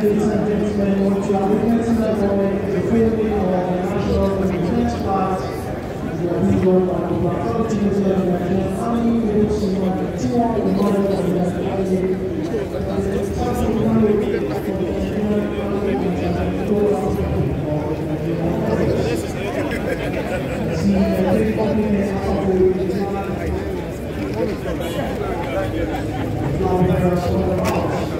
Ladies and gentlemen, what you are witnessing is the filming of the national defense part of the people and the faculty of the Nigerian Army, which is one of the two of the model of the Thank you.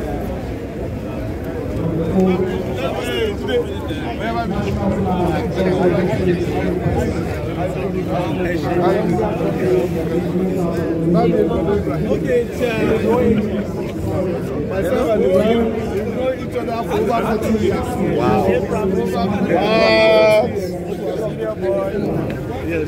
Okay, Wow. Wow. Yes.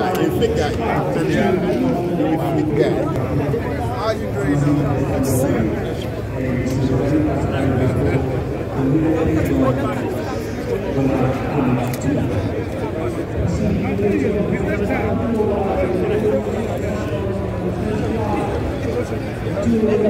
guy, a fit guy. A fit guy. How you doing?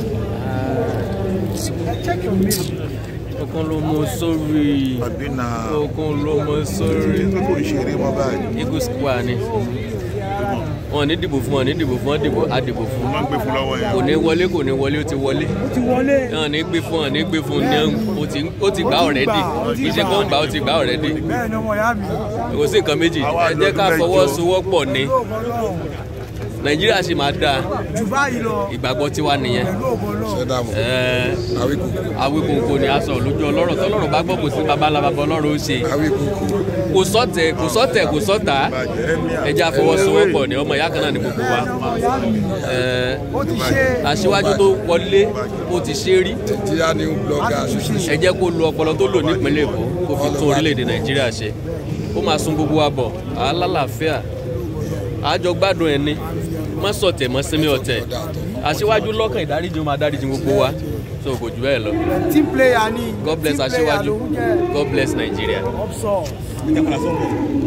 Okan ló mọ sórí. Ọ̀dínà. Okan ló mọ sórí. Kò ṣeré mọ́ ni. dìbò fún wọn ní dìbò fún wọn dìbò àdìbò fún. fún lọ́wọ́ Kò ní wọlé kò ní wọlé ó ti wọlé. Ó ti gbé fún wọn ní gbé fún ní ó ti gbà ọ̀rẹ́dì. Iṣẹ́ kan gbà ó ti gbà ọ̀rẹ́dì. Bẹ́ẹ̀ Kò sí nǹkan méjì. Ẹ jẹ́ ká fọwọ́sowọ́pọ̀ ni nàìjíríà sì máa dáa ìgbàgbọ́ tiwa nìyẹn awíkòkò ni a sọ lójú ọlọ́rọ̀ tọ́lọ́rọ̀ bá gbọ́ kò sí babalábàbọ̀ ọlọ́rọ̀ ó ṣe kò sọ́tẹ̀ kò sọ́tẹ̀ kò sọ́tà ẹja fọwọ́sowọ́pọ̀ ni ọmọ ìyá kan náà ni gbogbo wa aṣíwájú tó wọlé ó ti ṣe rí ẹ jẹ́ kó lo ọpọlọ tó lò nípínlẹ̀ èkó kó fi tún orílẹ̀-èdè nàìjíríà ṣe ó máa sun gbogbo wa bọ̀ àálàáfíà àjọ ẹni mọ́ sọ̀tẹ̀ mọ́ sinmi ọ̀tẹ̀ aṣíwájú lọ́kàn ìdáríjì ó máa dáríjì gbogbo wa so kò jù bẹ́ẹ̀ lọ. team player ni God bless aṣíwájú God bless Nigeria.